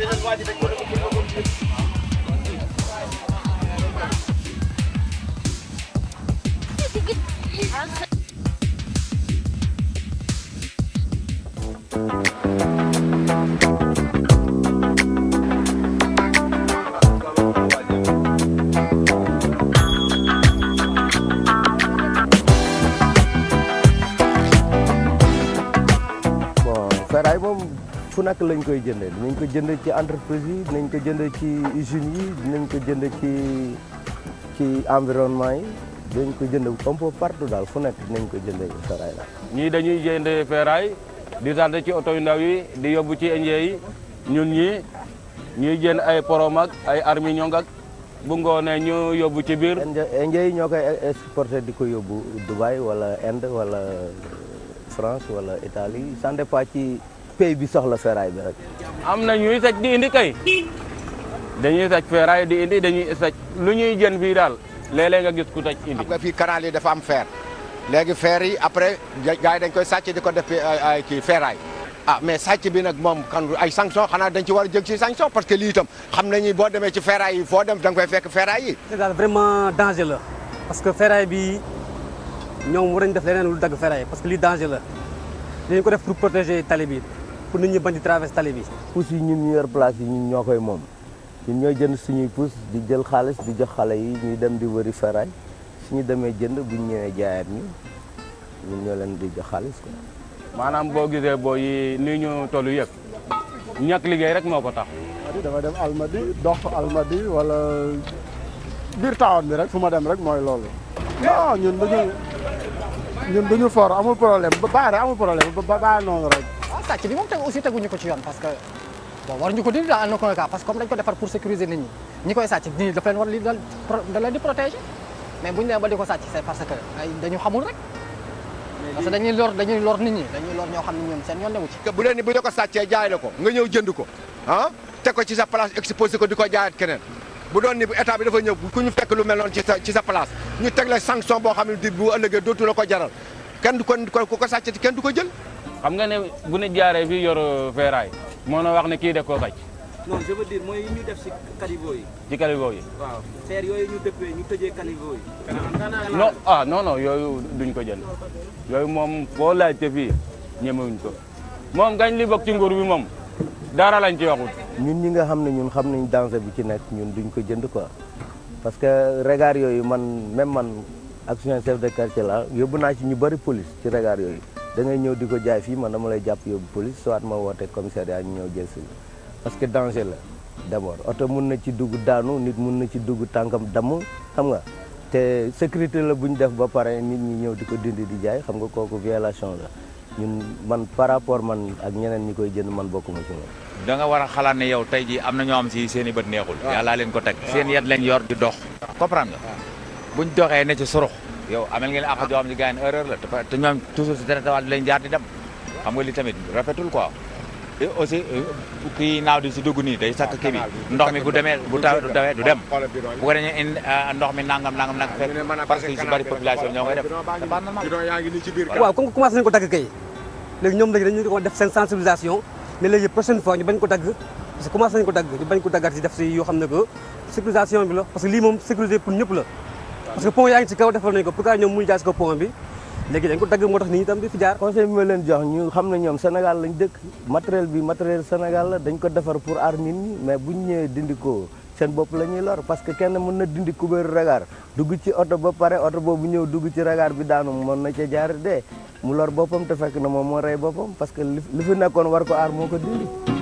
xëy na waa ji dañ ko fu nekk lañ koy jëndee dinañ ko jënd ci entreprise yi dinañ ko jënd ci usines yi dinañ ko jënd ci ci environnement yi dinañ ko jënd un peu daal fu nekk dinañ ko jëndee ferraille ñii dañuy jënd ferraille di tardé ci oto yu ndaw yi di yóbbu ci indien yi ñun ñii ñuy jënd ay porom ak ay armignon ak bu ngoonee ñu yóbbu ci biir. indien yi ñoo koy exporté di ko yóbbu Dubaï wala Inde wala France wala Italie ça dépend ci. pay bi soxla ferraille bi rek. am na ñuy saj di indi kay dañuy saj ferraille di indi dañuy saj lu ñuy jën fii daal léeg-léeg nga gis ku saj indi. xam nga fii canal yi dafa am fer léegi fer yi après gars yi dañ koy sàcc di ko def ay kii ferraille ah mais sàcc bi nag moom kan ay sanction xanaa dañ ci war a jëg ci sanction parce que lii itam xam nañu boo demee ci ferraille yi foo dem da nga koy fekk ferraille yi. daal vraiment danger la parce que ferraille bi ñoom war nañ def leneen lu dagg ferraille parce que lii danger la dañu ko def pour protéger tali bi. pour nit ñi bañ di traverser tali bi. pousse yi ñun ñu yor place yi ñoo koy moom ñun ñooy jënd suñuy pousse di jël xaalis di jox xale yi ñuy dem di wëri ferraille suñu demee jënd bu ñu ñëwee jaayaat ñu leen di jox xaalis quoi. maanaam boo gisee booy yi nii ñu toll yëpp ñàkk liggéey rek moo ko tax. dama dem almadi dox almadi walla biir taawan bi rek fu ma dem rek mooy loolu. non ñun dañu ñun amul problème ba baare amul problème ba noonu rek. sàcc bi moom tegu aussi ñu ko ci yoon parce que bon waruñu ko dindi daal en aucun cas parce que comme dañ ko defar pour sécuriser nit ñi ñi koy sàcc nit ñi daf leen war li da leen di protéger mais buñu nee ba di ko sàcc dañuy lor dañuy lor ñoo xam ne ñoom seen ci bu leen ni bu da ko sàccee jaay ko nga ñëw jënd ko ah teg ko ci sa place exposé ko di ko jaayaat keneen bu doon ni bu état bi dafa ñëw ku ñu fekk lu mel noonu ci sa ci ñu teg la sanction boo xam ne di bu ëllëgee dootu la ko jaral kenn du ko ku ko kenn du ko jël xam nga ne bu ne jaaree fii yor feeraay moo na wax ne kii de koo taj non je mooy yi ñu def si caniveau yi. ci caniveau yi. waaw fer yooyu ñu ah, yooyu duñ ko jënd yooyu moom foo laajte fii ñemewuñ ko moom gañ li bokk ci nguur bi moom dara lañ ci waxut. ñun ñi nga xam ne ñun xam nañ danger bi ci nekk ñun duñ ko jënd ko parce que regard yooyu man même man action chef de quartier la yóbbu naa ci ñu bëri police ci regard yooyu. da ngay ñëw di ko jaay fii man dama lay jàpp yóbbu police soit ma woote commissariat ñu ñëw jël si parce que danger la d'abord oto mun na ci dugg daanu nit mun na ci dugg tànkam damm xam nga te sécurité la bu ñu def ba pare nit ñi ñëw di ko dindi di jaay xam nga kooku violation la ñun man par rapport man ak ñeneen ñi koy jënd man bokkuma ko moom. da nga war a xalaat ne yow tey jii am na ñoo am si seen i bët neexul. yàllaa leen ko teg seen yet lañ yor di dox. comprendre nga buñ doxee ne ci surux. yow amel ngeen ak ah. yoo xam ne gars yi erreur la te ñoom toujours si traité waat bi lañ jaar di dem xam nga li tamit rafetul quoi et euh, kii naaw di si dugg nii day sakk kii ah, ndox mi bu demee du dem ah, ko dañee indi ndox mi nangam nangam nag fekk parce que ñu si bëri population ñoo koy def waaw comme commencé nañu ko dagg def seen sensibilisation mais léegi prochaine fois ñu bañ ko dagg parce que commencé nañu ko dagg ñu bañ ko daggaat si def si yoo xam ne que sécurisation bi la parce que lii moom sécurité parce que pont yaa ngi ci kaw defal nañu ko pourquoi ñoom mënuñu jaar ci kaw pont bi léegi dañ ko dagg moo tax nit ñi tam di fi jaar conseil bi ma leen jox ñu xam ne ñoom Sénégal lañ dëkk matériel bi matériel Sénégal la dañ ko defar pour aar nit ñi mais buñ ñëwee dindi ko seen bopp la ñuy lor parce que kenn mën na dindi kubéeru ragar dugg ci oto ba pare oto boobu ñëw dugg ci ragar bi daanu mën na ca jaar de mu lor boppam te fekk na moom moo rey boppam parce que li fi nekkoon war ko aar moo ko